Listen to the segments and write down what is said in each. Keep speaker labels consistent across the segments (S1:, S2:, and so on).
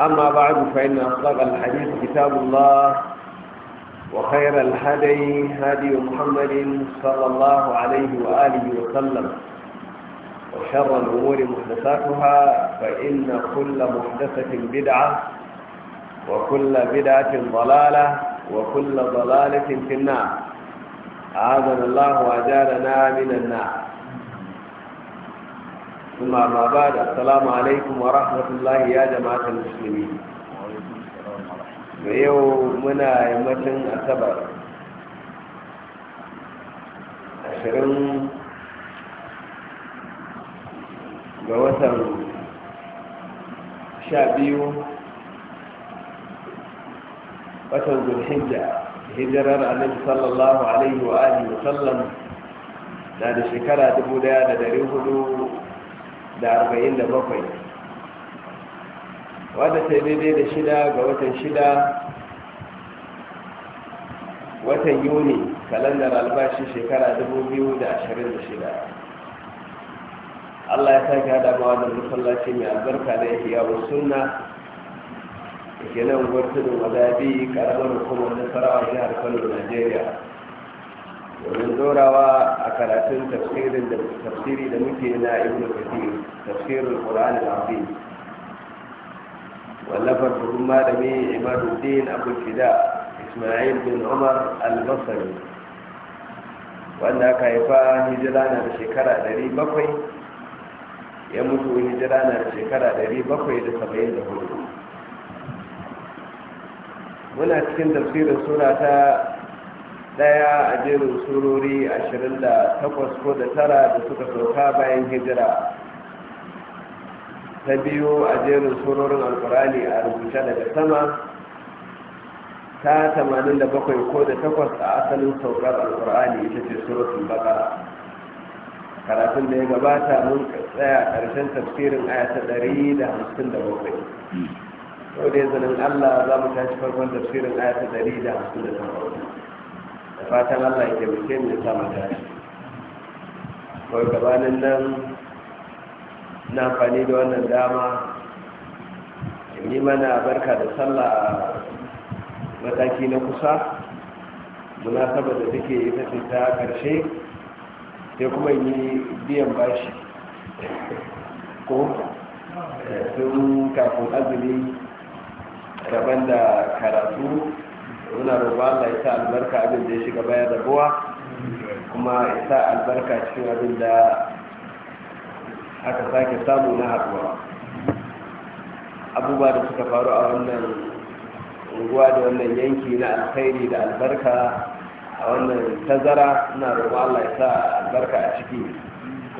S1: أما بعد فإن أصدق الحديث كتاب الله وخير الهدي هدي محمد صلى الله عليه وآله وسلم وشر الأمور محدثاتها فإن كل محدثة بدعة وكل بدعة ضلالة وكل ضلالة في النار أعاذنا الله وأجارنا من النار ثم ما بعد السلام عليكم ورحمة الله يا جماعة المسلمين yau muna yammacin asabar 20 ga watan 12 watan zulhijja hijirar annabi sallallahu alaihi wa alihi wa sallam na da shekara 1400 da arba'in da bakwai wadda ta daidai da shida ga watan shida watan yuni kalandar albashi shekara shida. allah ya sake hada ma wadda musallaci mai albarka da yake yawon suna da ke nan gwartunan wadabi karamar hukumar nasarawa jihar kano najeriya domin dorawa a karatun tafsirin da tafsiri da muke na ibn kathir tafsirin qur'an al wallafar babban malami imaduddin abul fida isma'il bin umar al-basri wanda aka haifa hijira na da shekara 700 ya mutu hijira na da shekara 774 muna cikin tafsirin sura ta daya a jerin surori 28 ko da tara da suka sauka bayan hijira ta biyu a jerin surorin alkurani a rubuta daga sama ta 87 ko da takwas a asalin saukar alkurani ita ce surutun baka karatun da ya gabata mun tsaya karshen tafsirin aya ta 157 sau da ya zanen allah za mu tashi farkon tafsirin aya ta 158 da fatan allah ya taimake mu ta sa ko dace gabanin nan na amfani da wannan dama ni mana barka da sallah a mataki na kusa saba da take ita ce ta karshe sai kuma yi biyan bashi ko sun eh, kafin azumi daban da karatu muna roƙon Allah ya sa albarka abin da ya shiga baya da buwa kuma ya sa albarka cikin abin da aka sake samu na haɗuwa abubuwa da suka faru a wannan unguwa da wannan yanki na alkhairi da albarka a wannan tazara na roƙon Allah ya sa albarka a ciki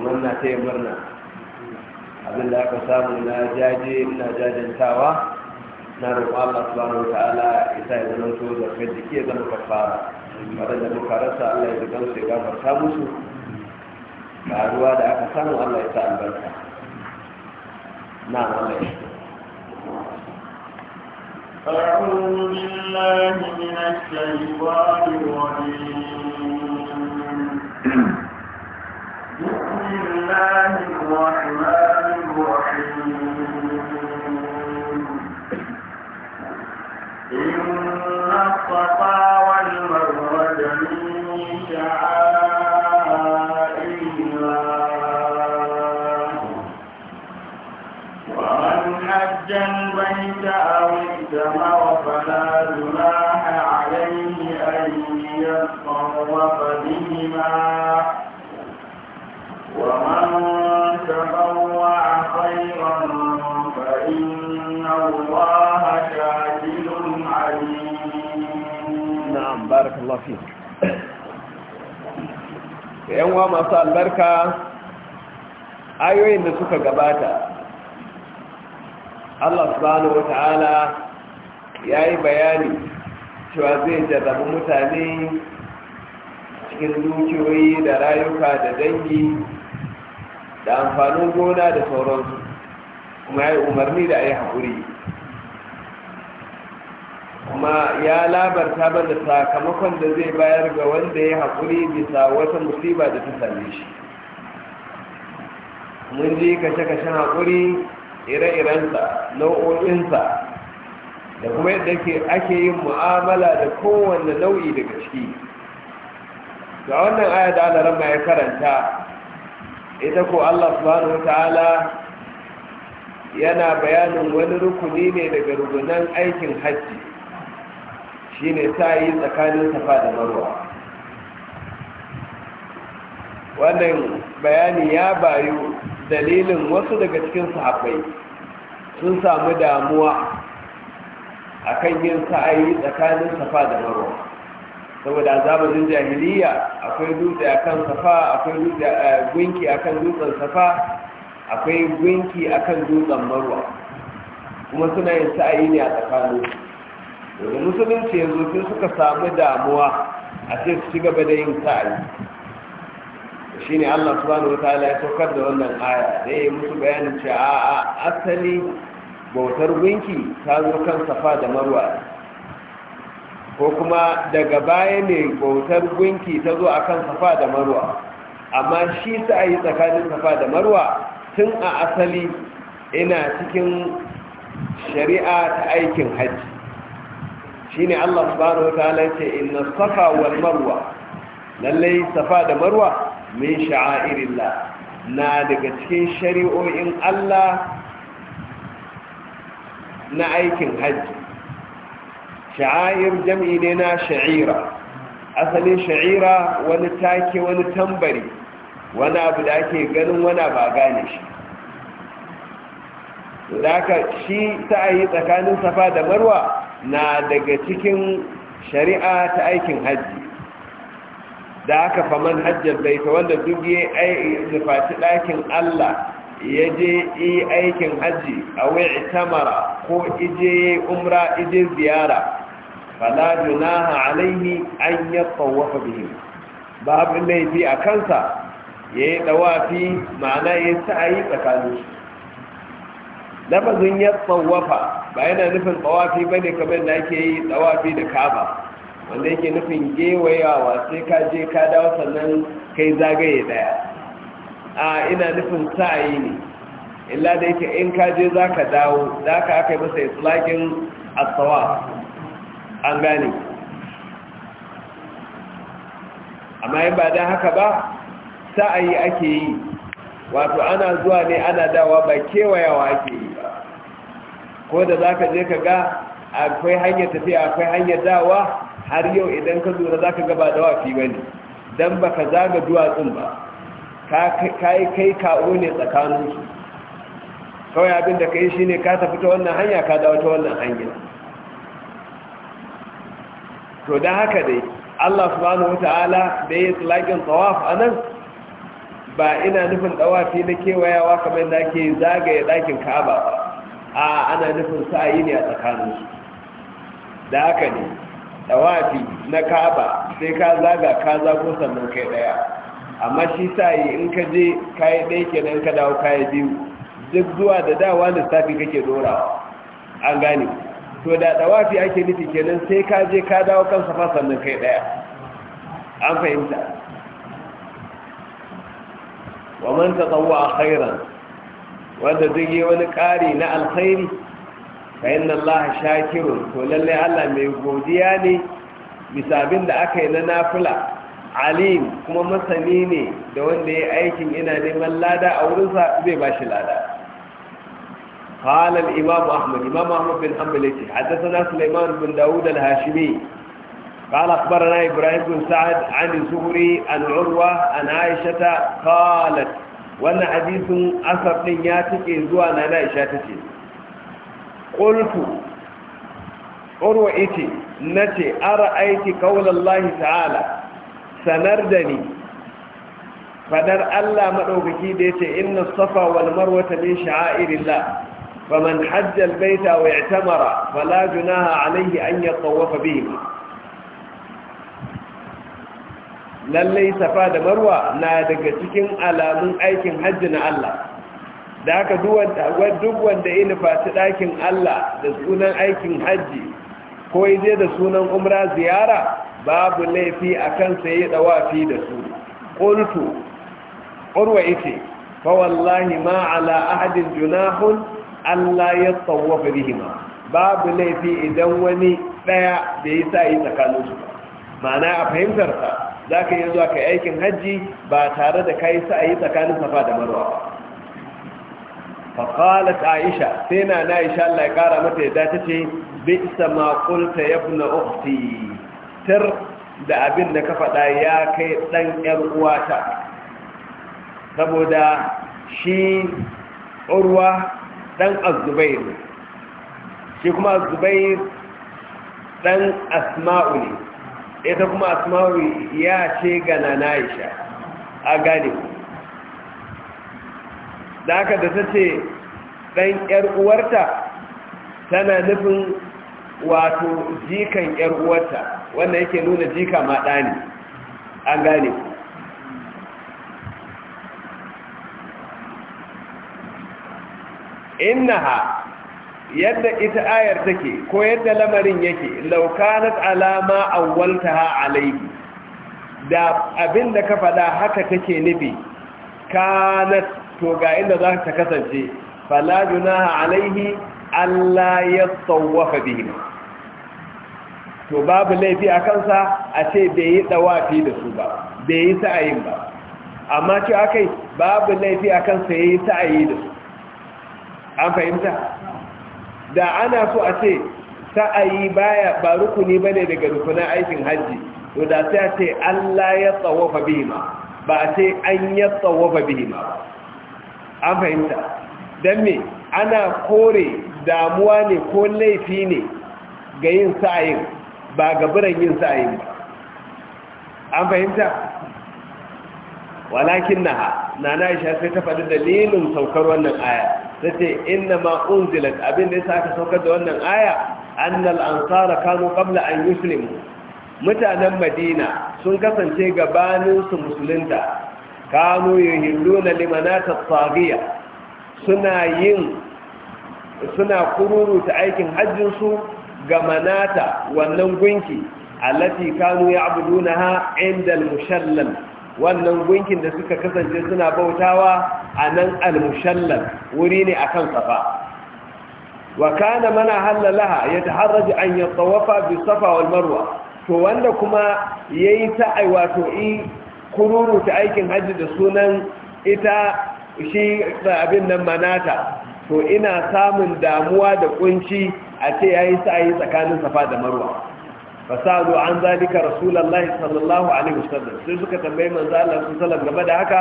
S1: kuma na taya murna abin da aka samu na jaje na jajantawa na roƙo Allah subhanahu wa ta'ala isa ya zama to da kai jiki ya zama kafara kada da muka rasa Allah ya zama sai gafarta musu karuwa da aka samu Allah ya sa albarka na Allah أعوذ بالله من الشيطان الرجيم بسم الله الرحمن الصفا والمروة من شعائر ومن حج البيت أو ائتمر فلا عليه أن يطوف بهما ومن تطوع خيرا فإن الله barakallahu yan uwa masu albarka ayoyin da suka gabata Allah subhanahu Ta'ala ya yi bayani cewa zai jarrabu mutane cikin dukiyoyi da rayuka da dangi da amfanin gona da sauransu kuma ya yi umarni da a yi haƙuri Ma ya labarta da sakamakon da zai bayar ga wanda ya haƙuri bisa wata musiba da ta same shi mun ji kashe-kashen haƙuri ire-irensa nau'o'insa da kuma yadda ake yin mu'amala da kowane nau'i daga ciki ga wannan aya da ya karanta ita ko allah subhanahu wa ta'ala yana bayanin wani rukuni ne daga rukunan aikin hajji Shi ne ta yi tsakanin safa da marwa wannan bayani ya bayu dalilin wasu daga cikin sahabbai sun samu damuwa akan yin sa'ayi tsakanin safa da marwa saboda a zamanin jahiliya akwai dutse akan safa akwai dutse eh, gunki akan dutsen safa akwai gunki akan dutsen marwa kuma suna yin sa'ayi ne a tsakanin da musulunci yanzu sun suka samu damuwa a ce su gaba da yin ta'ayi shi ne allah subhanahu wa ta'ala ya saukar da wannan aya da ya yi musu bayanin ce a asali bautar gunki ta zo kan safa da marwa ko kuma daga baya ne bautar gunki ta zo kan safa da marwa amma shi su a yi tsakanin safa da marwa tun a asali ina cikin shari'a ta aikin hajji shine Allah subhanahu wataala yace inna safa wal marwa lallai safa da marwa min sha'airillah na daga cikin shari'o'in Allah na aikin hajji sha'air jam'i ne na sha'ira asalin sha'ira wani take wani tambari wani abu da ake ganin wani ba gane shi daga da ta shi sa'ayi tsakanin safa da marwa na daga cikin shari'a ta aikin hajji da haka faman hajjar baita wanda duk ya nufaci ɗakin Allah ya je yi aikin hajji a wai tamara ko ije umra ije ziyara fala ha alaihi an ya tsawafa bihin babu laifi a kansa ya yi ɗawafi ma'ana ya sa'ayi tsakanin shi lafazin ya tsawafa ba yana nufin tsawafi ba ne kamar da ake yi tsawafi da kaba wanda yake nufin gewayawa sai ka je ka dawo sannan kai zagaye daya a ina nufin sa'ayi ne illa da yake in ka je za ka dawo za ka aka yi masa a asawa an gane amma yin ba don haka ba sa'ayi ake yi wato ana zuwa ne ana dawa ba kewayawa ake yi ko da za ka je ka ga akwai hanyar tafiya akwai hanyar dawa har yau idan ka zura za ka gaba dawa fi wani, don ba ka zaga duwatsun ba ka yi kai kawo ne tsakaninsu kawai abin da ka yi shi ne ka tafi ta wannan hanya ka dawo ta wannan hanyar. to don haka dai allah subhanahu ta'ala da ya yi tsulakin tsawaf a nan ba ina nufin tsawafi na kewayawa kamar da ke zagaye ɗakin ka'aba ba a ana nufin sa'ayi ne a tsakaninsu da haka ne tsawafi na kaba sai ka zaga ka zago sannan kai daya amma shi sa'ayi in ka je kayi ɗaya kenan ka dawo kayi biyu duk zuwa da dawa lissafi kake dorawa an gane to da tsawafi ake nufi kenan sai ka je ka dawo kan safa sannan kai daya an fahimta wa man tatawwa khairan wanda duk yi wani ƙari na alkhairi ka yin Allah shakirun to lallai Allah mai godiya ne bisa abin da aka yi na nafula alim kuma masani ne da wanda ya aikin ina neman lada a wurinsa zai ba shi lada قال الإمام أحمد bin أحمد بن حنبل Suleiman bin بن داود الهاشمي قال أخبرنا إبراهيم بن سعد عن الزهري عن عروة عن عائشة قالت wannan hadisin asar din ya take zuwa na Aisha tace qultu urwa ite nace ara aiki qaulallahi ta'ala sanar da ni fadar Allah madaukaki da yace inna safa wal marwata min sha'airillah faman hajja al-baita wa i'tamara fala junaha alayhi an yatawafa bihima lallai safa da marwa na daga cikin alamun aikin hajji na Allah da aka duk wanda ya nufaci ɗakin Allah da sunan aikin hajji ko yi je da sunan umra ziyara babu laifi a kansa ya ɗawafi da su ƙultu ƙurwa ita fa wallahi ma ala ahadin junahun Allah ya tsawafa bihima babu laifi idan wani ɗaya da ya sa yi tsakaninsu ma'ana a fahimtarsa za ka iya zuwa ka yi aikin hajji ba tare da ka yi sa'ayi tsakanin safa da marwa ba faƙalat aisha sai na na aisha Allah ya ƙara mata yadda ta ce bi isa makulta ya fi na ukti da abin da ka faɗa ya kai ɗan ‘yar uwata saboda shi urwa ɗan azubair shi kuma azubai ɗan asma'u ne ita kuma Asma'ul ya ce ga nana aisha a gane da aka da ta ce ɗan ƴar uwarta tana nufin wato jikan ƴar uwarta wanda yake nuna jika ma ɗani an gane innaha yadda ita ayar take ko yadda lamarin yake laukanat alama awwaltaha alayhi da abinda ka fada haka take nufi kanat to ga inda za ta kasance fala junaha alayhi alla yatawafa bihim to babu laifi a kansa a ce bai yi dawafi da su ba bai yi sa'ayin ba amma ce akai babu laifi a kansa yayi sa'ayi da su an fahimta da ana so a ce sa'ayi baya ba rukuni bane daga rukunan aikin hajji to da sai a ce Allah ya tsawafa bihima ba a ce an ya tsawafa bihima ba an fahimta don me ana kore damuwa ne ko laifi ne ga yin sa'ayin ba ga biran yin sa'ayin ba an fahimta walakin naha na na isha sai ta faɗi dalilin saukar wannan aya tace inna ma unzilat abin da ya saka saukar da wannan aya annal ansara kanu kamla an yuslimu mutanen madina sun kasance gabaninsu musulunta kanu yuhilluna Limanatar Tsariya suna yin suna kururuta aikin hajjin su ga manata wannan gunki allati kanu abu dunaha indal mushallal wannan gunkin da suka kasance suna bautawa a nan al-mushallal wuri ne akan safa wa kana mana halalaha yataharraju an yatawafa bi safa wal marwa to wanda kuma yayi ta wato i kururu ta aikin haji da sunan ita shi abin nan manata to ina samun damuwa da kunci a ce yayi sa'ayi tsakanin safa da marwa fasalu an zalika rasulullahi sallallahu alaihi wasallam sai suka tambayi manzo Allah sallallahu game da haka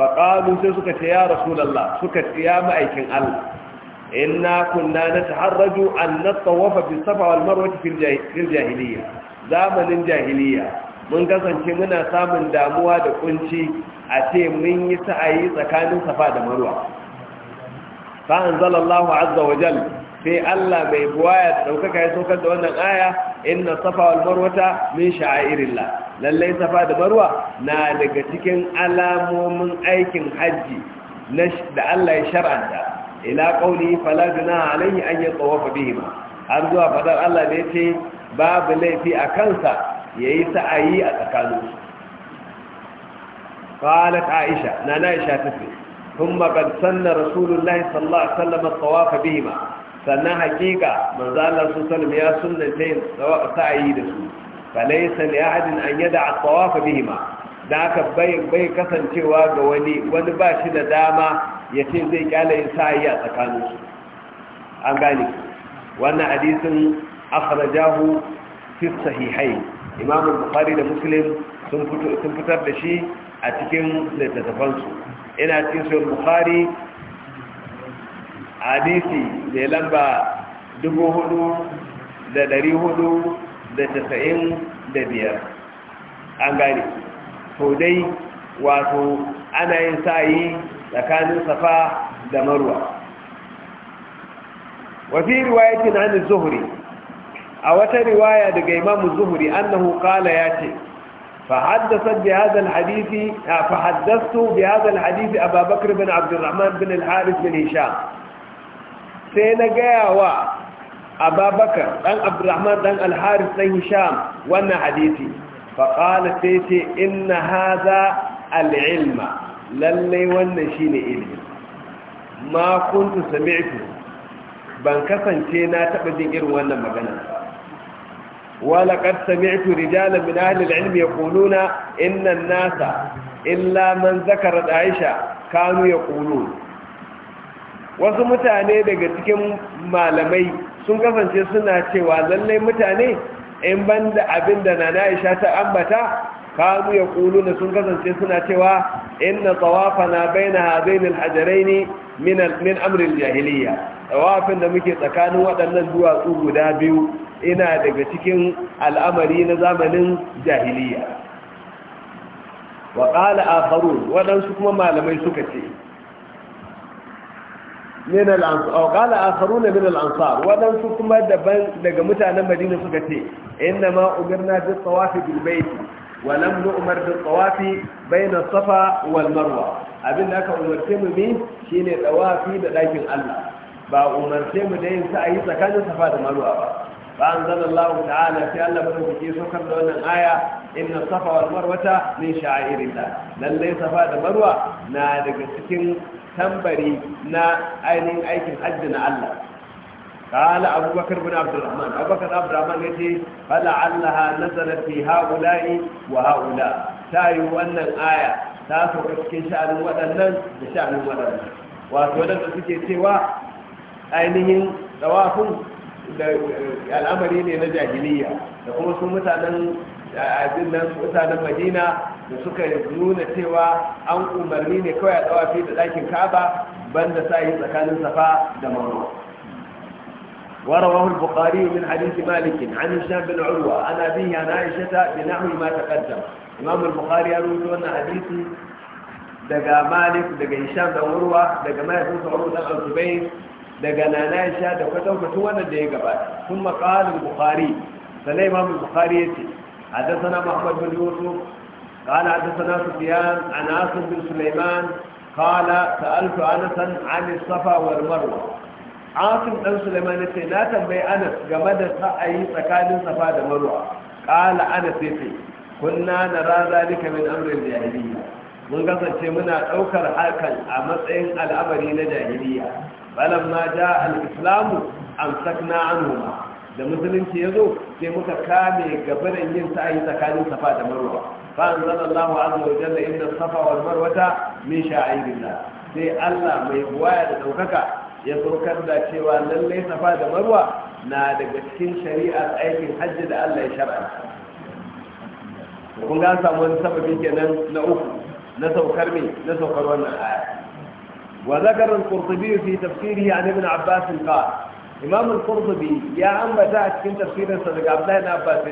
S1: faqalu sai suka ce ya rasulullah suka ce ya ma'aikin Allah inna kunna nataharraju an natawafa bi safa wal marwa fil zamanin jahiliya mun kasance muna samun damuwa da kunci a ce mun yi sa'ayi tsakanin safa da marwa fa anzalallahu azza wa jalla sai Allah mai buwaya daukaka ya saukar da wannan aya inna safa wal marwata min sha'airillah lallai safa da marwa na daga cikin alamomin aikin haji da Allah ya shar'anta ila qawli fala junaha alayhi an yatawafa bihima har zuwa fadar Allah da ce babu laifi a kansa yayi sa'ayi a tsakaninsu قالت عائشة نانا عائشة تفري ثم قد سن رسول الله صلى الله عليه وسلم الطواف بهما sannan hakika manzo Allah su sallam ya sunnata yin sa'ayi da su falaysa li ahadin an yada'a tawaf bihima da aka bai kasancewa ga wani wani ba shi da dama ya ce zai kyale yin sa'ayi a tsakanin su an wannan hadisin akhrajahu fi sahihai imam bukhari da muslim sun fitar da shi a cikin littattafansu ina cikin bukhari hadisi mai lamba dubu hudu da dari hudu da da biyar an gane dai wato ana yin sa'ayi tsakanin safa da marwa wafi riwayatin an zuhuri a wata riwaya daga imamu zuhuri annahu kala ya ce فحدثت بهذا الحديث فحدثت بهذا الحديث أبا bin بن عبد الرحمن بن sai na gaya wa ababakar ɗan abdurrahman ɗan alharis ɗan hisham wannan hadisi faƙala sai ce inna haza al'ilma lallai wannan shi ne ilmi ma kuntu sami'tu ban kasance na taɓa jin irin wannan magana wala qad sami'tu rijalan min ahli al-ilm yaquluna inna an-nasa illa man zakara aisha kanu yaqulun wasu mutane daga cikin malamai sun kasance suna cewa lallai mutane in banda abin da nana isha ta ambata kanu ya kulu na sun kasance suna cewa inna tsawafa na baina hazainul ne min amrin jahiliya tsawafin da muke tsakanin waɗannan duwatsu guda biyu ina daga cikin al'amari na zamanin jahiliya Wakala a akharun waɗansu kuma malamai suka ce min al-ansar aw qala wadansu kuma daban daga mutanen Madina suka ce inna ma umirna bi tawafi bil bayt wa lam nu'mar bi tawafi bayna safa wal marwa aka umarce mu bi shine tawafi da dakin Allah ba umarce mu da yinsa a yi tsakanin safa da marwa ba فأنزل الله تعالى في ألا بنو بكي سكر لأن الآية إن الصفا والمروة من شعائر الله لن ليس فاد مروة نادق سكن تنبري نا أين أيكن حجنا الله قال أبو بكر بن عبد الرحمن أبو بكر عبد الرحمن يتي فلعلها نزلت في هؤلاء وهؤلاء تايو أن الآية تاسو كسكن شأن ودنن بشأن ودنن وأتولد سكي سوى أينهم توافق al'amari ne na jahiliya da kuma su mutanen madina da suka nuna cewa an umarni ne kawai a tsawafi da dakin kaba banda sayi tsakanin safa da maro warawar bukari min hadisi malikin hannun shan urwa ana bin yana ishe ta bi na hulma ta kanta imam bukari ya rubuta wannan hadisi daga malik daga ishan da urwa daga mahaifinsa urwa dan al-zubair daga nana ya sha da kwatankwacin wannan da ya gabata sun makalin bukari sannan imamu bukari ya ce haddasana muhammad bin yusuf قال حدثنا سفيان عن عاصم بن سليمان قال سألت أنسا عن الصفا والمروة عاصم بن سليمان يقول لا تنبي أنس جمد سأي سكان صفا والمروة قال أنس يقول كنا نرى ذلك من أمر الجاهلية mun kasance muna ɗaukar hakan a matsayin al'amari na jahiliya falamma jaa al-islamu amsakna anhuma da musulunci yazo sai muka kame gaba da yin sa'i tsakanin safa da marwa fa anzalallahu azza wa jalla inna safa wal marwata min sha'irillah sai Allah mai buwaya da daukaka ya saukar da cewa lallai safa da marwa na daga cikin shari'ar aikin hajji da Allah ya shar'a kun ga samu wani sababi kenan na uku na saukar mai na saukar wannan aya وذكر القرطبي في تفسيره عن ابن عباس قال إمام القرطبي يا أم بتاعت كنت تفسير صدق عبد الله بن عباس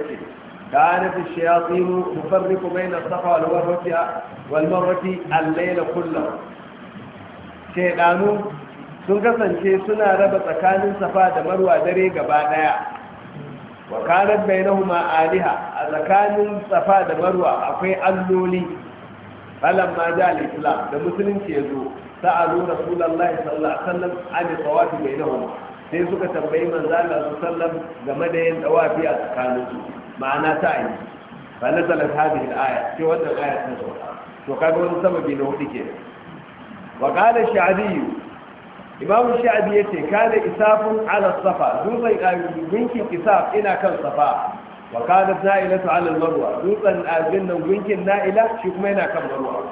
S1: كانت الشياطين تفرق بين الصفا والمروة والمروة الليل كله شيطانو sun kasance suna raba tsakanin safa da marwa dare gaba daya wa kanat aliha a tsakanin safa da marwa akwai alloli falamma da al-islam da musulunci ya zo sa'alu rasulullahi sallallahu alaihi wasallam tsawafi tawafi bainahum sai suka tambayi manzo su sallallahu game da yin tsawafi a tsakanin su ma'ana ta yi "Ba na hadhihi al-aya ce wannan aya ta zo to kaga wani sababi na hudu ke wa qala sha'bi imamu sha'bi yace kana isafun ala safa dutsen gunkin isaf ina kan safa wa kana na'ilatu ala al-marwa dutsen abin nan gunkin na'ila shi kuma yana kan marwa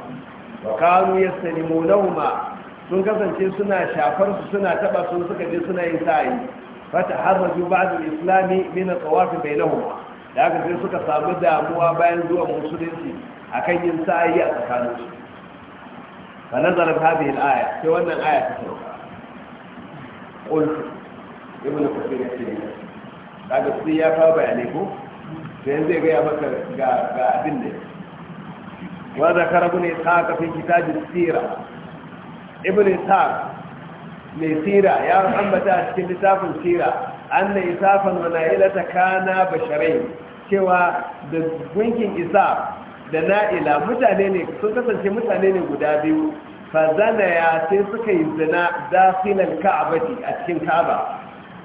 S1: wa kanu nauma sun kasance suna shafar su suna taba su suka je suna yin sa'i fata harraju ba'd al-islami min at-tawaf bainahuma da haka sai suka samu damuwa bayan zuwa musulunci akan yin sa'i a tsakaninsu fa nazara hadhihi al-aya sai wannan aya ta sauka qultu ibnu kathir ya ce daga sai ya kawo bayanai ko sai zai ga ya maka ga abin da wanda kara bu ne ta kafin kitabin tsira ibn isaf ne tsira ya ambata a cikin littafin tsira an na isafan wa na'ila ta basharai cewa da gunkin isaf da na'ila sun kasance mutane ne guda biyu fa sai suka yi zana dafinan ka'abati a cikin kaba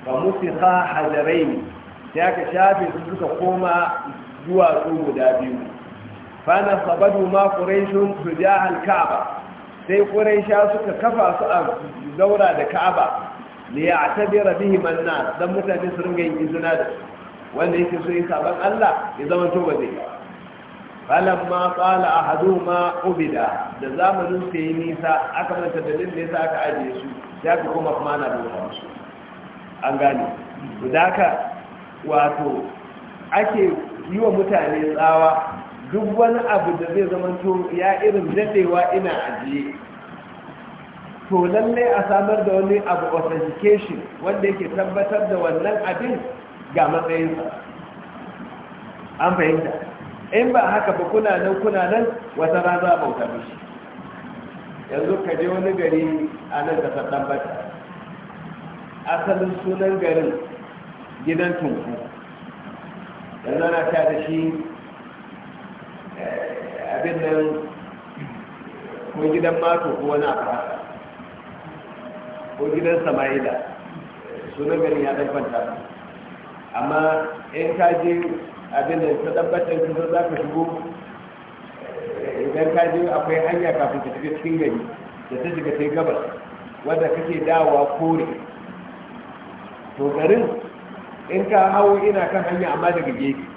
S1: ba musu ka ya ka shafe su suka koma zuwa su guda biyu fana sabadu ma quraishun tuja al Ka'aba, sai quraisha suka kafa su a zaura da ka'aba ya tabira bihi man nas dan mutane su ringa yin izina da wanda yake so yi sabon Allah ya zama to ba zai falamma qala ma ubida da zamanin sai nisa aka manta da da yasa aka ajiye su ya ka kuma kuma na da wasu an gane to daka wato ake yi wa mutane tsawa duk wani abu da zai zama to ya irin dadewa ina ajiye to lalle a samar da wani abu authentication wanda yake tabbatar da wannan abin ga matsayinsa an fahimta in ba haka ba kuna nan kuna nan wata raza bauta mishi yanzu ka je wani gari a nan da sadan bata asalin sunan garin gidan tunku yanzu ana ta da shi abin nan ko gidan mato ko wani abu ko gidan sama'ila sunan garin ya kwanta amma in ka je abin da ta tabbatar kusa za ka shigo idan ka je akwai hanya kafin ta shiga cikin gari da ta shiga ta gabas wadda kake dawa kore to garin in ka hau ina kan hanya amma daga gefe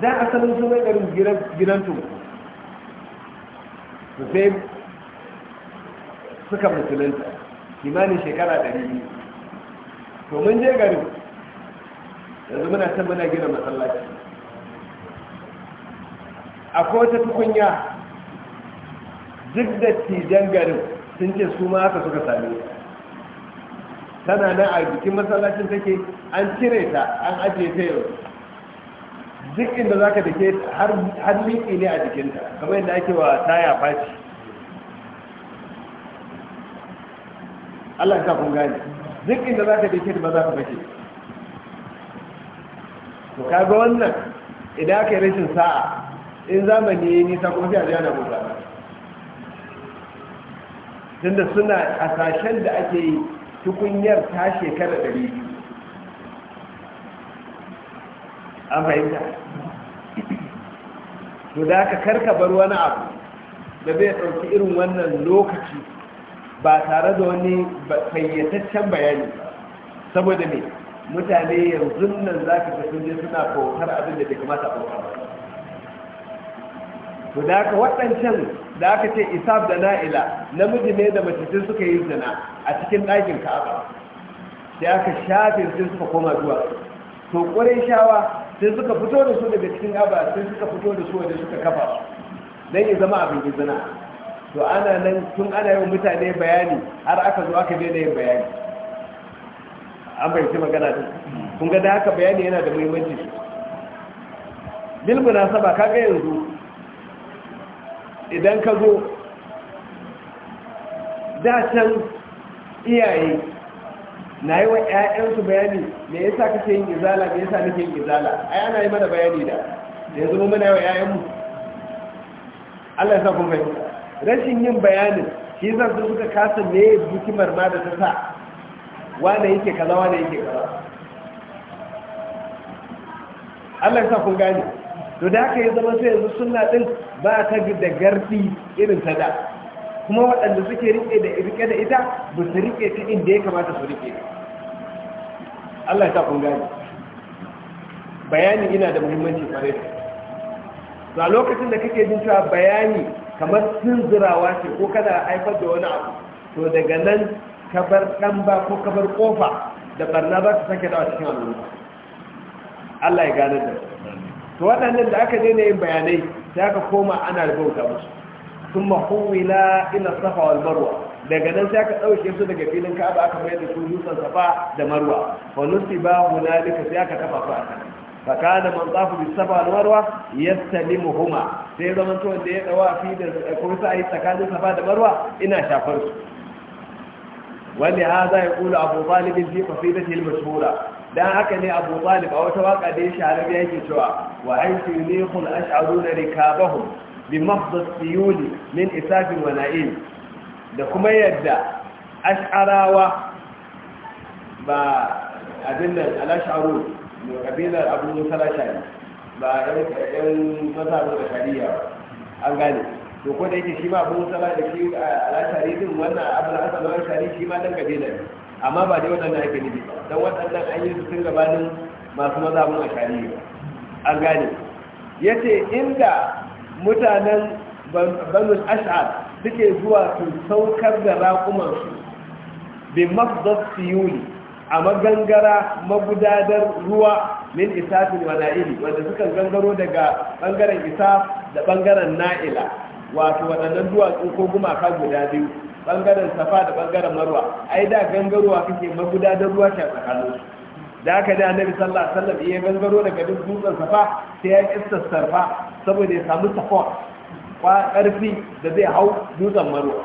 S1: da asalin mai garin gidan tun, su sai suka musulunta kimanin shekara ɗari to mun je garin yanzu muna can muna gina masallaci akwai wata tukunya duk da tijan garin sun ce su ma haka suka sami tana nan a jikin masallacin take an cire ta an ajiye ta yau duk inda za ka dake har liƙi ne a jikinta kamar yadda ake wa taya faci allah ta kun gani duk inda za ka dake ba za ka fashe to ka ga wannan idan aka yi rashin sa'a in zamani ya yi nisa kuma fiye a yana mota tunda suna hasashen da ake yi tukunyar ta shekara 200 an fahimta to da aka karka bar wani abu da zai ɗauki irin wannan lokaci ba tare da wani fayyataccen bayani saboda me mutane yanzu nan za ka sun je suna kautar abin da bai kamata a ba to da aka waɗancan da aka ce isaf da na'ila namiji ne da mace suka yi zana a cikin ɗakin ka'aba sai aka shafe sai suka koma zuwa to ƙwarai shawa sai suka fito da su daga cikin aba sai suka fito da su wanda suka kafa su dan zama abin izina to ana nan tun ana yi mutane bayani har aka zo aka daina yin bayani an bayyana magana ta kun ga da haka bayani yana da muhimmanci bil saba kaga yanzu idan ka zo da can iyaye na yi wa 'ya'yansu bayani me yasa kake yin izala me yasa nake yin izala ai ana yi mana bayani da da yanzu mun yi wa 'ya'yanmu Allah ya sa kun fahimta rashin yin bayanin shi zan su suka kasa me buki ma da ta sa wane yake kaza wane yake kaza Allah ya sa kun gane to da haka ya zama sai yanzu suna din ba ta da gardi irin ta da kuma waɗanda suke rike da rike da ita ba su rike ta inda ya kamata su rike Allah ya sa kun gani bayani ina da muhimmanci kwarai da a lokacin da kake jin cewa bayani kamar tunzurawa ce ko kana haifar da wani abu to daga nan ka bar ɗan ba ko ka bar ƙofa da barna ba su sake dawa cikin al'umma Allah ya gane da su. to waɗannan da aka daina yin bayanai sai aka koma ana rubuta musu ثم حول الى الصفا والمروه daga nan sai aka dauke su daga filin Ka'aba aka mai da su dutsen Safa da Marwa fa nusiba hunalika sai aka kafa su a kan fa kana man tafu bis Safa wal Marwa yastalimuhuma sai zaman to wanda ya dawa fi da ko sai tsakanin Safa da Marwa ina shafar su ولهذا يقول أبو طالب في قصيدته المشهورة ده هكذا أبو طالب أو توقع دي شعر بيكي شوى وحيث يليق الأشعرون ركابهم bi siyuni min isafin wa na'im da kuma yadda ash'arawa ba abin nan alash'aru ne kabilar abu musa lashari ba yan masarar da shari'a an gane to ko da yake shi ma abu musa lashari alashari din wannan abu na asalin lashari shi ma dan kabilar amma ba dai waɗannan ake nufi ba don waɗannan an su tun gabanin masu mazamin a shari'a an gane ya ce inda mutanen banus ash'ad suke zuwa su saukar da raƙumansu bi mafdar siyuli a magangara magudadar ruwa min isafin wa na'ili wanda suka gangaro daga ɓangaren isaf da ɓangaren na'ila wato waɗannan duwatsun ko gumaka guda biyu ɓangaren safa da ɓangaren marwa ai da gangarowa kake magudadar ruwa ta tsakaninsu da aka da annabi sallallahu alaihi wasallam iya gangaro daga duk dutsen safa sai ya istasarfa saboda ya samu support ba ƙarfi da zai hau dutsen marwa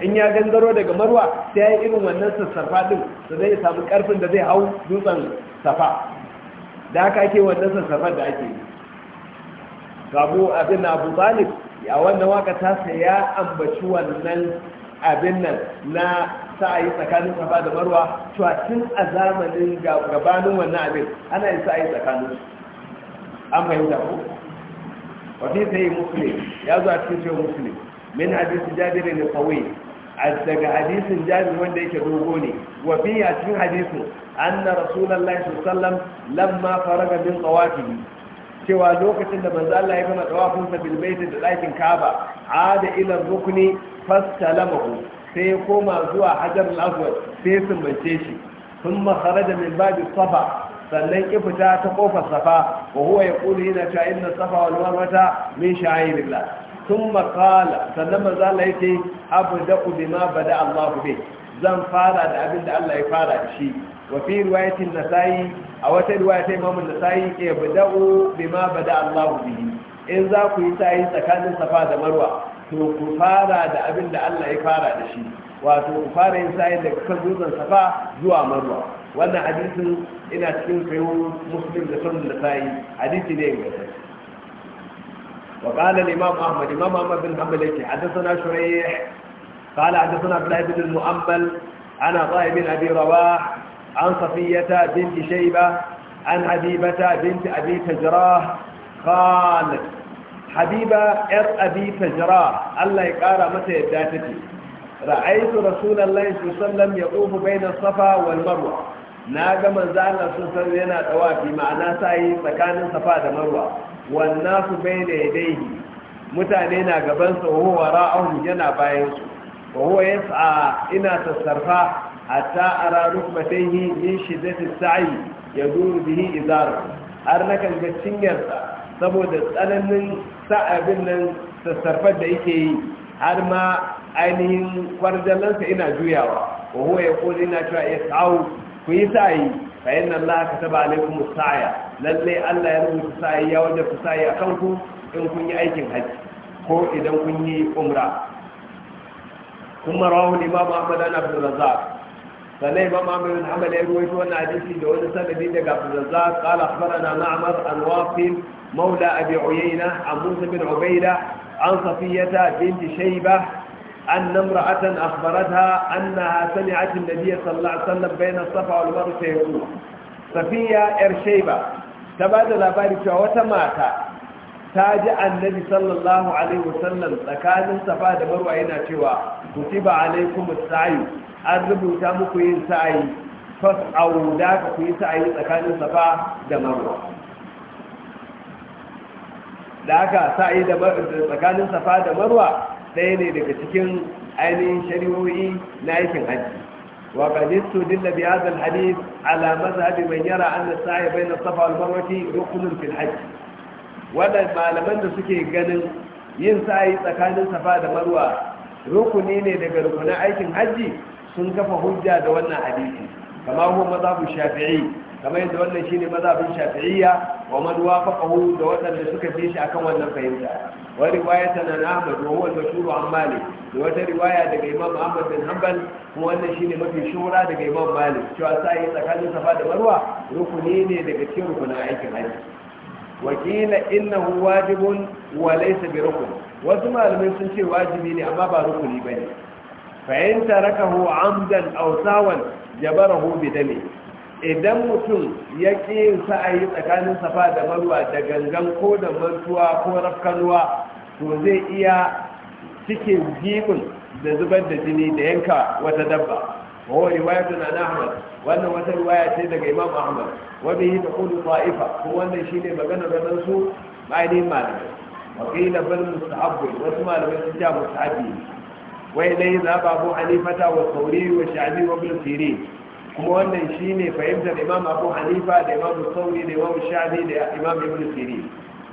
S1: in ya gangaro daga marwa sai ya yi irin wannan sassafa din da zai samu ƙarfin da zai hau dutsen safa da aka ke wannan sassafa da ake yi gabo abin abu talib ya wannan waka ta ya ambaci wannan abin nan na yi tsakanin safa da marwa cewa tun a zamanin gabanin wannan abin ana yi yi tsakanin an fahimta ko Ya صحيح مسلم يازو أتكين شيء مسلم من حديث جابر الطويل daga hadisin jabir wanda yake dogo ne Wafi a cikin hadisin anna rasulullahi Sallam lamma faraga min tsawafi. cewa lokacin da banza Allah ya gama tawafin sa bil bait da dakin Kaaba ada ila rukni fastalamahu sai ya koma zuwa hajar al sai sun sumbace shi thumma da min babu safa sannan ki ta kofar safa wa huwa yaqulu yana ta inna safa wal marwa min sha'irillah thumma qala sannan manzo Allah yake abda'u bima bada Allah bi zan fara da abin da Allah ya fara da shi wa fi riwayatin nasai a wata riwaya ta Imam nasai ke bida'u bima bada Allah bi. in za ku yi sa'i tsakanin safa da marwa to ku fara da abin da Allah ya fara da shi wato ku fara yin sa'i daga kan dutsen safa zuwa marwa وانا حديث ina cikin sayo مسلم da sunan da ليه hadisi وقال الإمام أحمد إمام أحمد بن حنبل حدثنا شريح قال حدثنا عبد الله بن المؤمل عن عطاء بن أبي رواح عن صفية بنت شيبة عن حبيبة بنت أبي تجراه قالت حبيبة إر أبي تجراه الله يقارى متى يبداتك رأيت رسول الله صلى الله عليه وسلم يقوم بين الصفا والمروة na ga manzo Allah sun san yana tsawafi, ma'ana sai tsakanin safa da marwa wannan su da yadaihi mutane na gaban sa huwa wara'ahum yana bayan su ho yas'a ina tsarfa hatta ara rukbatayhi min shiddati sa'i yaduru bihi idar har na kan ga yarsa, saboda tsananin sa'abin nan sassarfar da yake yi har ma ainihin kwarjallansa ina juyawa wa huwa yaqulu ina cewa yas'u ku yi sa'ayi, fa inna Allah kataba alaikum as-sa'a lalle Allah ya rubuta sa'i ya wajaba sa'i akan ku in kun yi aikin haji ko idan kun yi umra kuma rawahu imam Ahmad bin Abdul Razzaq sanai imam Ahmad bin Hanbal ya ruwaito wannan hadisi da wani sanadi daga Abdul Razzaq qala akhbarana Ma'mar an Waqil مولى أبي عيينة عن موسى بن عبيدة عن صفية بنت شيبة أن امرأة أخبرتها أنها سمعت النبي صلى الله عليه وسلم بين الصفا والمروة يقول صفية إرشيبة تبادل بارك وتماتا تاجع النبي صلى الله عليه وسلم لكان صفا دمروة هنا شوى كتب عليكم السعي أربو تامكو ينسعي فاسعوا ذاك في سعي لكان صفا دمروة da haka sa'i da tsakanin safa da marwa ɗaya ne daga cikin ainihin shari'o'i na aikin hajji wa qadistu dilla bi hadha al ala mazhab man yara anna sa'i bayna safa wal marwa ruknun fil hajj malaman da suke ganin yin sa'i tsakanin safa da marwa rukuni ne daga rukunin aikin hajji sun kafa hujja da wannan hadisi kama huwa mazhabu shafi'i kamar yadda wannan shine mazhabin shafi'iyya wa man wafaqahu da waɗanda suka bi shi akan wannan fahimta wa riwayatan an Ahmad wa huwa al-mashhur an Malik da wata riwaya daga Imam Ahmad bin Hanbal kuma wannan shine mafi shura daga Imam Malik cewa sai tsakanin Safa da Marwa rukuni ne daga cikin rukunin aikin haji wakila innahu wajibun wa laysa bi rukun wasu malamai sun ce wajibi ne amma ba rukuni bane fa in tarakahu amdan aw sawan jabarahu bi dami idan mutum ya ƙi yin sa'ayi tsakanin safa da marwa da gangan ko da mantuwa ko rafkanuwa to zai iya cikin gibin da zubar da jini da yanka wata dabba وهو رواية عن أحمد وأنه مثل رواية سيدك إمام أحمد وبه تقول طائفة هو أن يشيني مجانا بننسو بعينه مالك وقيل بل مستحب واسمى لم يستجاب وإليه ذهب أبو حنيفة والثوري والشعبي وابن firi. kuma wannan shi ne fahimtar imam abu hanifa da imam sauri da imam shafi da imam ibn siri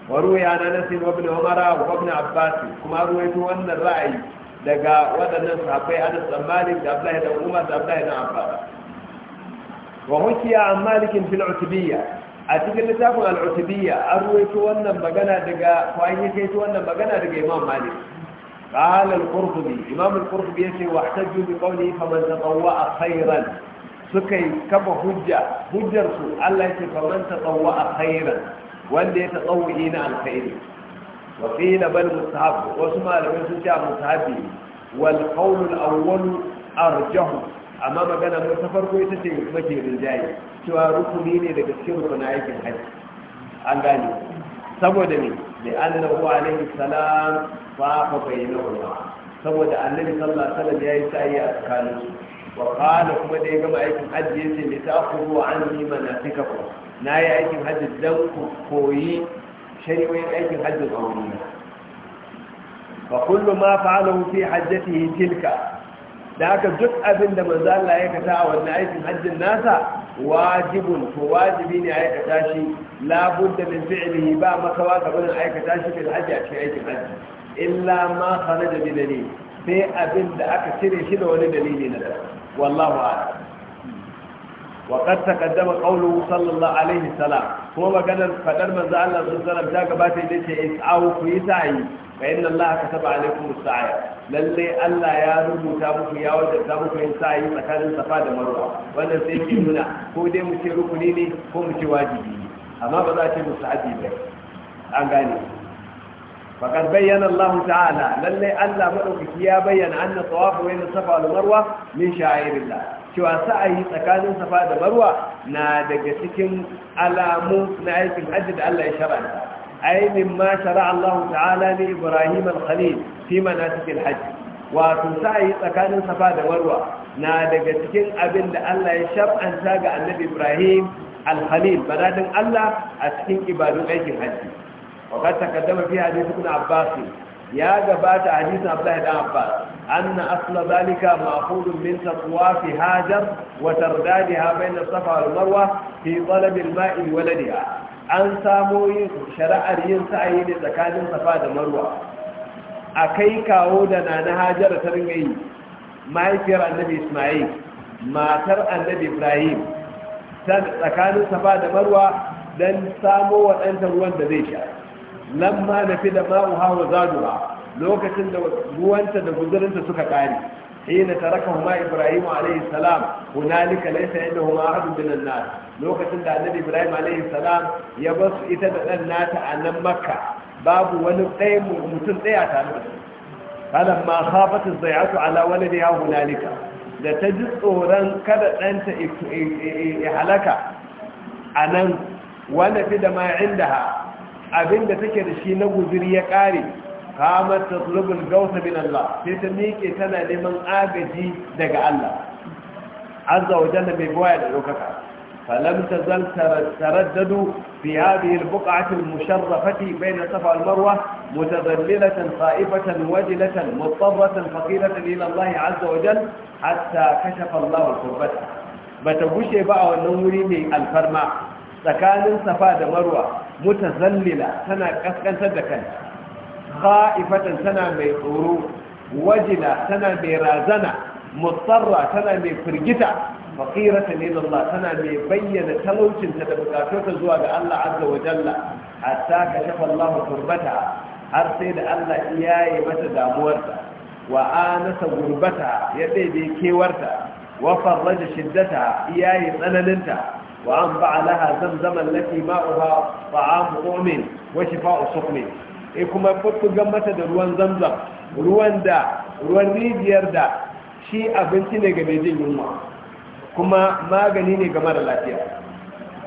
S1: waru ya na nasi wabin ibn umara wa abbas kuma ruwaito wannan ra'ayi daga waɗannan sahabbai anas dan malik da abdullahi dan umar da abdullahi dan abbas wa hukiya an malikin fil utubiyya a cikin littafin al'utubiyya an ruwaito wannan magana daga kwayan yake ta wannan magana daga imam malik قال القرطبي امام القرطبي يقول واحتجوا بقوله فمن تطوع خيرا suka yi kafa hujja hujjarsu Allah ya ce faman ta tsawo a khairan wanda ya ta tsawo na alkhairi wa qila bal mustahab wasu malamai sun ce mustahabi wal qawl al awwal arjahu amma magana mun ta farko ita ce mace rinjaye cewa rukuni ne daga cikin rukuna aikin hajji an gane saboda ne da annahu alaihi salam fa fa bayyana saboda annabi sallallahu alaihi wasallam yayi sa'i a tsakaninsu wa qala kuma da gama aikin hajji ya ce yace li ta'khudhu anni manasikakum na yi aikin hajji dan ku koyi shari'o'in aikin hajji a wurina fa kullu ma fa'alahu fi yi tilka da haka duk abin da manzo Allah ya kata a wannan aikin hajjin nasa wajibun ko wajibi ne a aikata shi la budda min fi'lihi ba makawa ga barin aikata shi fil hajji a cikin aikin hajji illa ma kharaja bi dalil sai abin da aka cire shi da wani dalili na daban wallahu a'lam wa qad sallallahu alaihi wasallam ko maganar faɗar manzo Allah sallallahu ta gabata da ce is'au ku yi sa'i fa inna Allah kataba alaikum as-sa'i lalle Allah ya rubuta muku ya wajabta muku yin sa'i tsakanin safa da maruwa, wannan sai ki nuna ko dai mu ce rukuni ne ko mu wajibi amma ba za a ba fakat bayyana Allah ta'ala lallai Allah madaukaki ya bayyana anna tawafu bayna safa wa marwa min sha'airillah cewa sa'ayi tsakanin safa da marwa na daga cikin alamu na aikin hajji da Allah ya shar'anta aynin ma shara Allah ta'ala li Ibrahim al-Khalil fi manasikil hajj wa tun sa'ayi tsakanin safa da marwa na daga cikin abin da Allah ya shar'anta ga Annabi Ibrahim al-Khalil baradin Allah a cikin ibadun aikin hajji وقد تقدم في حديث ابن عباس يا جبات حديث عبد الله بن عباس ان اصل ذلك ماخوذ من تطواف هاجر وتردادها بين الصفا والمروه في طلب الماء an samo yin shara'ar yin sa'ayi ne tsakanin safa da marwa a kai kawo da na na hajjara ta ringa mahaifiyar annabi ismail matar annabi ibrahim ta tsakanin safa da marwa don samo waɗanta ruwan da zai sha lamma na fi da ma'uha wa zaduha lokacin da ruwanta da guzurinta suka ƙare ta raka huma ibrahim alayhi salam hunalika laysa indahu ahadun min an-nas lokacin da annabi ibrahim alayhi salam ya basu ita da dan nata a nan makka babu wani ɗaya mutum ɗaya tare da su kalan ma khafatu zai'atu ala waladiha hunalika da ta ji tsoron kada ɗanta ya halaka a nan wanda fi da ma ha. abinda take da shi na guzuri ya kare kamar ta tulubin gausa bin Allah sai ta miƙe tana neman agaji daga Allah azza wa jalla mai baya da ɗaukaka falam ta zal taraddadu fi hadhihi al-buq'ati al-musharrafati bayna safa wal-marwa mutadallilatan qa'ifatan wajilatan mutarratan faqiratan ila Allah azza wa jalla hatta kashafa Allah al-kurbata bata gushe ba a wannan wuri mai alfarma tsakanin safa da marwa mutazallila tana kaskantar da kanta kha'ifatan tana mai tsoro wajila tana mai razana mutsarra tana mai firgita faqiratan ila Allah tana mai bayyana talaucinta da bukatunta zuwa ga Allah azza wa jalla hatta kashafa Allah turbata har sai da Allah iyaye mata damuwarta wa anasa gurbata ya daidai kewarta wa farraja shiddata iyaye tsananinta وأنبع لها زمزم التي ماؤها طعام طعم وشفاء سقم e kuma fuffugan mata da ruwan zamzam ruwan da ruwan rijiyar da shi abinci ne ga jin yunwa kuma magani ne ga mara lafiya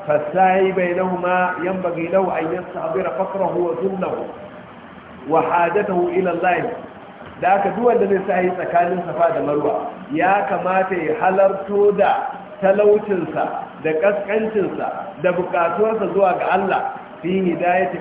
S1: fasahi bai lahu ma yan bagi lahu an yan sabira fakrahu wa zullahu wa hajatahu ila Allah da aka duwan da zai sahi tsakanin safa da marwa ya kamata ya halarto da talaucinsa da kaskancinsa da bukatuwarsa zuwa ga Allah fi hidayati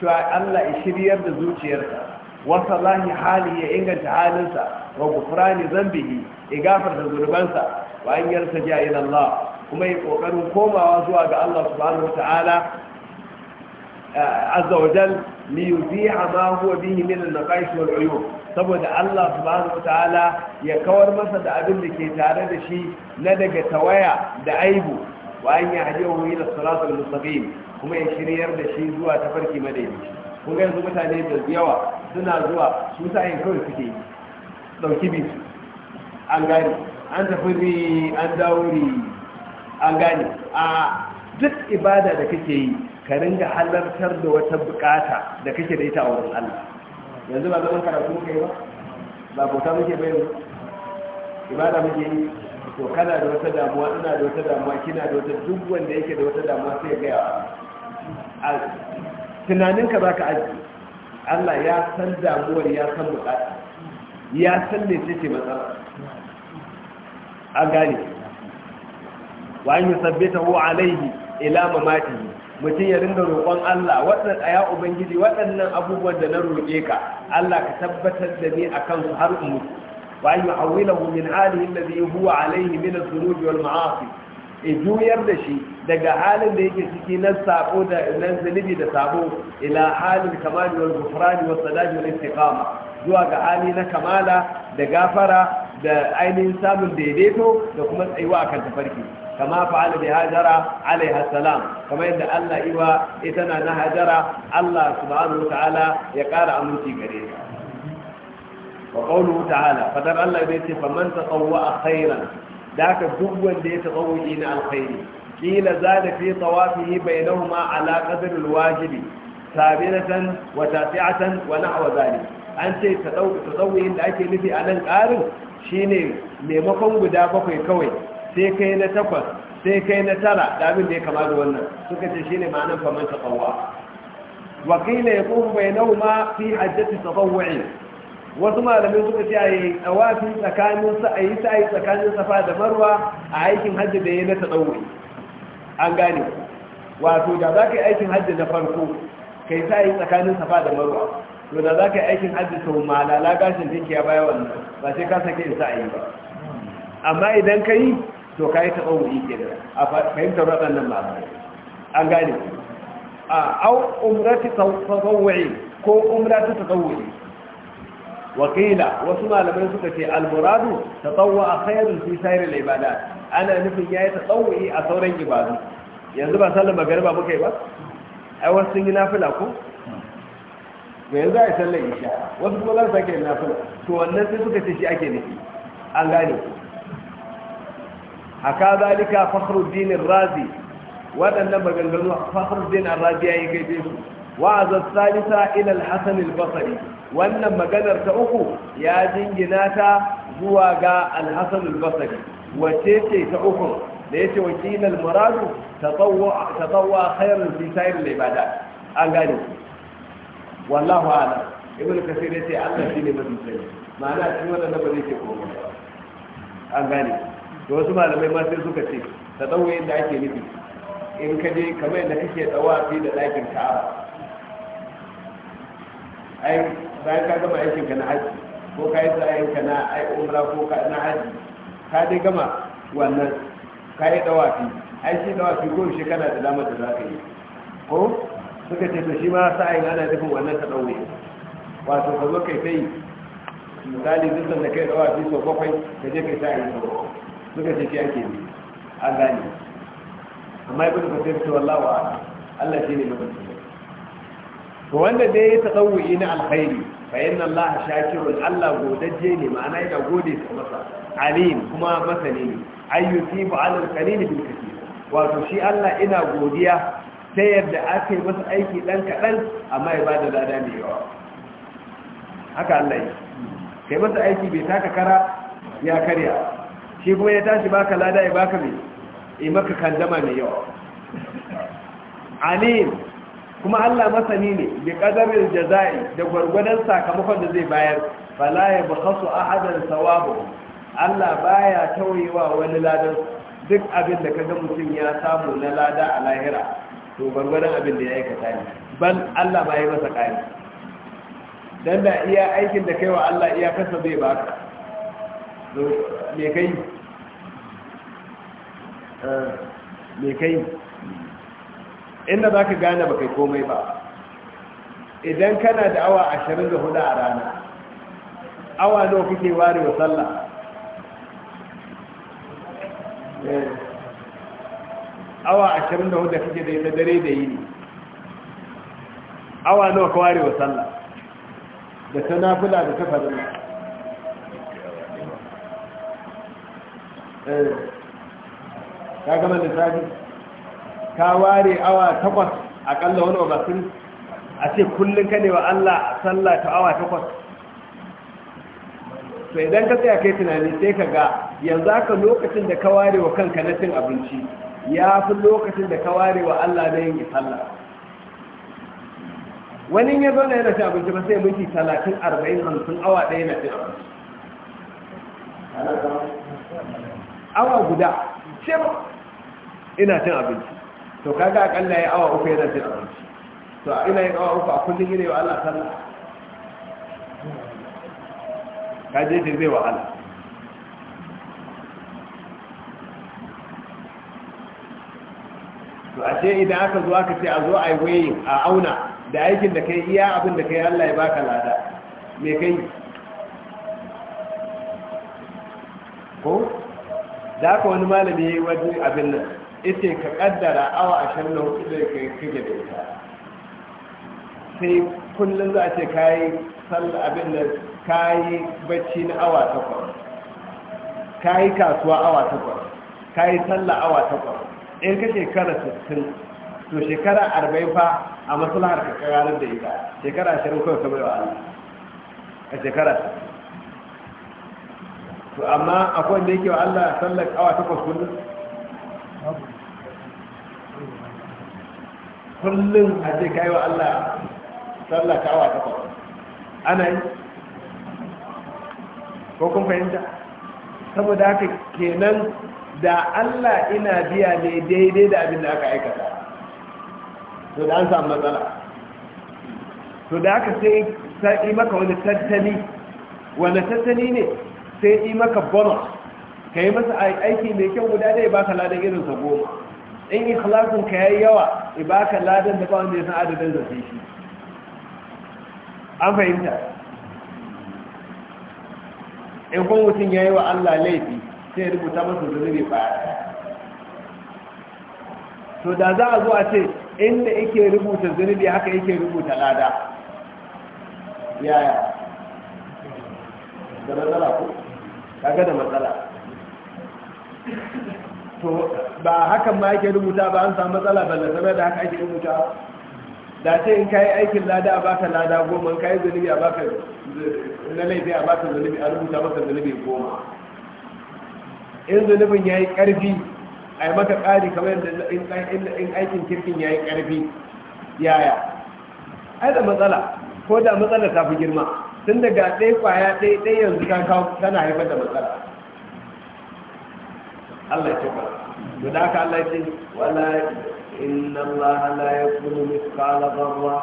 S1: shi wa Allah ya shiryar da zuciyarsa wasu lahi hali ya inganta halinsa wa zan zambihi ya gafarta zurbansa wa an yarsaja ila Allah kuma yi kokarin komawa zuwa ga Allah subhanahu ta'ala eh, azza wa jal li ma huwa bihi min wal 'uyub saboda Allah subhanahu wataala ya kawar masa da abin da ke tare da shi na daga tawaya da aibu wa an ya hadiyahu ila siratal mustaqim kuma ya shiryar da shi zuwa tafarki madaidaici kun ga mutane da yawa suna zuwa su sa sa'in kawai suke dauki bi an gane an tafi ri an dawo ri an gane a duk ibada da kake yi ka ringa halartar da wata bukata da kake da ita a wurin Allah yanzu ba zaman karatu muka yi ba ba bauta muke bai ibada muke yi to kana da wata damuwa ina da wata damuwa kina da wata duk wanda yake da wata damuwa sai ya gaya a tunaninka ka ka aji Allah ya san damuwar ya san bukata ya san ne ce ce matsala an gane wa an yi sabbata hu alaihi ila mamatihi mutum ya rinda roƙon Allah waɗannan aya ubangiji waɗannan abubuwan da na roƙe ka Allah ka tabbatar da ni akan su har in mutu wa yuhawwilahu min halihi alladhi huwa alayhi min adh-dhunub wal ma'asi e juyar da shi daga halin da yake ciki na sabo da nan zalibi da sabo ila halin kamal wal ghufran was sadad wal istiqama zuwa ga hali na kamala da gafara da ainihin samun daidaito da kuma tsayuwa akan tafarki kama fa'ala bi hajara alaiha kamar yadda Allah iwa ita na na hajara Allah subhanahu ta'ala ya ƙara aminci gare ta wa qawluhu ta'ala fadar Allah bai ce faman a khairan da ka duk wanda ya tatawwi na alkhairi kila zada fi tawafihi bainahuma ala qadri alwajibi sabiratan wa tasi'atan wa nahwa zalik an ce tatawwi da ake nufi a nan karin shine maimakon guda bakwai kawai sai kai na takwas sai kai na tara da abin da ya kama da wannan suka ce shine ma'anar faman taqawwa wa qila yaqum bainahuma fi hajjati tatawwu'i wasu malamai suka ce a ayi tawafi tsakanin sa yi sa'ayi tsakanin safa da marwa a aikin hajji da ya yayin tatawwu'i an gane wato da za ka yi aikin hajji na farko kai sa'ayi tsakanin safa da marwa to da za ka yi aikin hajji sau malala gashin dinki ya baya wannan ba sai ka sake in sa'i ba amma idan ka yi to kai ta wuri kenan a fahimtar waɗannan malamai an gane a au umrati tatawwu'i ko umrati tatawwu'i wakila wasu malamai suka ce almuradu a khairun fi sairil ibadat ana nufin yayi tatawwu'i a sauran ibadu yanzu ba sallar magariba muka yi ba ai wasu sun yi nafila ko to yanzu ai sallar isha wasu kuma za su sake nafila to wannan sai suka ce shi ake nufi an gane ku A haka zalika fakhruddin ar-razi wadannan maganganu fakhruddin ar-razi yayi gaje su wa'aza salisa ila al-hasan al wannan maganar ta uku ya jingina ta zuwa ga al-hasan wace ce ta uku da ya yace wakilal muradu tatawwa tatawwa khairan fi sa'ir al-ibadat an gane wallahu ala, ibnu kasir yace Allah shine mafi sani ma'ana cikin wannan ba zai ce komai an gane da wasu malamai ma sai suka ce ta tsawoyin da ake nufi in ka je kamar yadda kake fi da ɗakin ka'aba ai bayan ka gama aikin ka na haji ko ka yi tsayin ka na ai umra ko ka na haji ka dai gama wannan ka yi fi ai shi tsawafi ko yaushe kana da damar da za ka yi ko suka ce to shi ma sa'ayin ana nufin wannan ta ɗaure wato ka zo kai sai misali dukkan da kai tsawafi sau bakwai ka je kai sa'ayin sau suka ce ake ne a gane amma ibn kasir ce wallahi wa Allah shi ne mafi to wanda dai ya tadawwi na alkhairi fa inna Allah shakirun Allah godaje ne ma'ana yana gode ta masa alim kuma masani ne ayyusibu ala alqalil bil kathir wato shi Allah ina godiya ta yadda aka yi masa aiki dan kadan amma ya bada lada mai yawa haka Allah yi kai masa aiki bai taka kara ya karya shi kuma ya tashi baka lada ya baka mai yi maka kandama mai yawa Amin! kuma Allah masani ne bi qadarin jazai da gwargwadon sakamakon da zai bayar ba ya bakhasu ahadan sawabu Allah baya tauyewa wani ladan duk abin da kaga mutum ya samu na lada a lahira to gwargwadon abin da ya aikata ne ban Allah ba masa kari dan da iya aikin da kaiwa Allah iya kasa zai baka me kai Mai kai inda za ka gane ba kai komai ba idan kana da awa ashirin da hudu a rana awa nawa kuke ware wa sallah eh. awa ashirin da hudu kake da ita dare da yi awa nawa ka ware wa sallah da ta nafula da ta faru ka gama lissafi ka ware awa takwas akalla wani obasin a ce kullum ka ne wa Allah a sallah ta awa takwas to idan ka tsaye kai tunani sai ka ga yanzu haka lokacin da ka ware wa kanka na cin abinci ya fi lokacin da ka ware wa Allah na yin isalla. wani ya zauna yana cin abinci ba sai minti talatin arba'in hamsin awa ɗaya na cin abinci awa guda ce ba ina cin abinci to kaga akalla ya awa uku yana cin abinci to ina yin awa uku a kullum yana ne wa Allah sallah kaje ce zai wahala to a ce idan aka zo aka ce a zo a yi a auna da aikin da kai iya abin da kai Allah ya baka lada me kai ko da ka wani malami ya yi wani abin nan ita ka kaddara awa ashirin da hudu da ka kage da ita sai kullum za a ce ka yi abin da ka yi bacci na awa takwas ka yi kasuwa awa takwas ka yi sallah awa takwas in ka shekara sittin to shekara arba'in fa a maslahar ka kararar da ita shekara ashirin kawai kamar bai wa Allah a shekara to amma akwai da yake wa Allah sallar awa takwas kullum kullum a ce kai wa Allah sallah kawa ta takwas ana yi ko kun fahimta saboda haka kenan da Allah ina biya ne daidai da abin da aka aikata to da an samu matsala to da aka sai sai maka wani tattali wani tattali ne sai yi maka bonus ka yi masa aiki mai kyau guda ɗaya ba ka ladan irin sa goma in ikhlasin ka yayi yawa ibaka ladan da ba da ya san adadin zafi shi an fahimta in kuma mutum ya yi wa Allah laifi sai rubuta masa zunubi baya to da za a zo a ce inda yake rubuta zunubi haka yake rubuta lada yaya da matsala ko kaga da matsala to ba hakan ma ake rubuta ba an samu matsala ballatana da haka ake rubuta da ce in kayi aikin lada a baka lada goma in kayi zunubi a baka na laifi a baka zunubi a rubuta maka zunubi goma in zunubin ya yi ƙarfi a yi maka ƙari kamar yadda in aikin kirkin ya yi ƙarfi yaya ai da matsala ko da matsala ta fi girma tun daga ɗaya ƙwaya ɗaya ɗaya yanzu ta kawo tana haifar da matsala Allah ya ce ba to da haka Allah ce wala inna Allah la yakunu mithqala dharra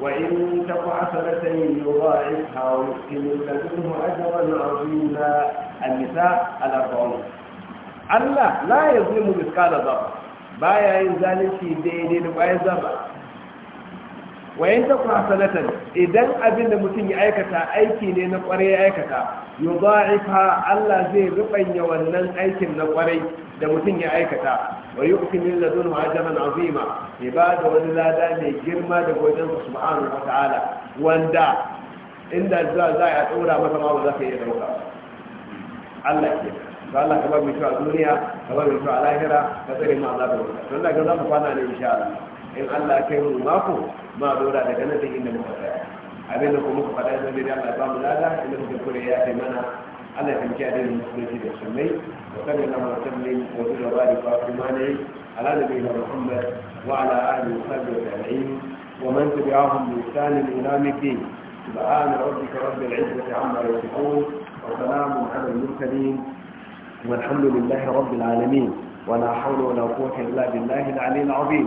S1: wa in taku hasanatan yudha'ifha wa yu'tihi ladunhu ajran 'azima an-nisa al-arba'un Allah la yazlimu mithqala dharra baya yin zalunci daidai da bayan zaba wayan ta kuma sanatan idan abin da mutum ya aikata aiki ne na kwarai ya aikata yudha'ifa Allah zai rubanya wannan aikin na kwarai da mutum ya aikata wai wa yu'ti min ladunhu ajran azima ibada wani lada mai girma da su subhanahu wa ta'ala wanda inda zuwa za a tsora maka ma ba za ka iya dauka Allah ke to Allah ka ba mu shi a duniya ka ba mu shi a lahira ka tsare mu azabar wuta to Allah ka za mu kwana ne insha Allah in Allah kai mu mako ma dora daga nan sai inda muka tsaya abin da kuma muka faɗa zai da Allah ya ba mu lada inda muka kure ya kai mana Allah ya tanke adin musulunci da sunnai wa sallallahu alaihi wa sallam wa zuwa bari fa kuma ne ala nabiyina Muhammad wa ala alihi wa sahbihi ajma'in wa man tabi'ahum bi ihsan ila yawm الدين سبحان ربك رب العزة عما يصفون وسلام على المرسلين والحمد لله رب العالمين ولا حول ولا قوة إلا بالله العلي العظيم